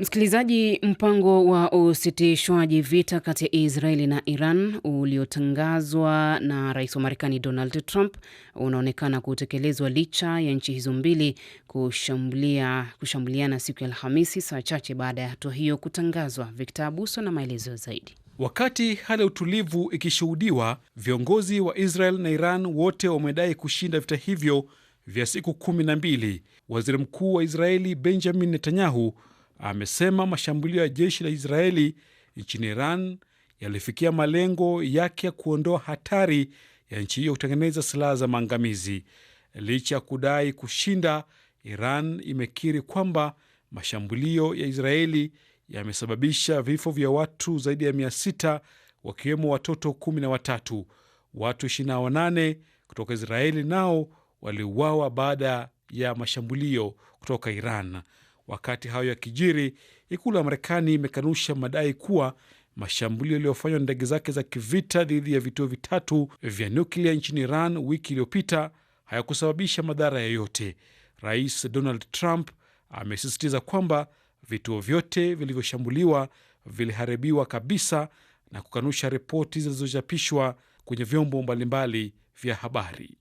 Msikilizaji, mpango wa usitishwaji vita kati ya Israeli na Iran uliotangazwa na rais wa Marekani Donald Trump unaonekana kutekelezwa licha ya nchi hizo mbili kushambulia, kushambuliana siku ya Alhamisi, saa chache baada ya hatua hiyo kutangazwa. Victor Abuso na maelezo zaidi. Wakati hali ya utulivu ikishuhudiwa, viongozi wa Israel na Iran wote wamedai kushinda vita hivyo vya siku kumi na mbili. Waziri Mkuu wa Israeli Benjamin Netanyahu amesema mashambulio ya jeshi la Israeli nchini Iran yalifikia malengo yake ya kuondoa hatari ya nchi hiyo kutengeneza silaha za maangamizi. Licha ya kudai kushinda, Iran imekiri kwamba mashambulio ya Israeli yamesababisha vifo vya watu zaidi ya 6 wakiwemo watoto na watatu Watu 28 kutoka Israeli nao waliuawa baada ya mashambulio kutoka Iran. Wakati hayo ya kijiri, ikulu ya Marekani imekanusha madai kuwa mashambulio yaliyofanywa na ndege zake za kivita dhidi ya vituo vitatu vya nyuklia nchini Iran wiki iliyopita hayakusababisha madhara yoyote. Rais Donald Trump amesisitiza kwamba vituo vyote vilivyoshambuliwa viliharibiwa kabisa na kukanusha ripoti zilizochapishwa kwenye vyombo mbalimbali vya habari.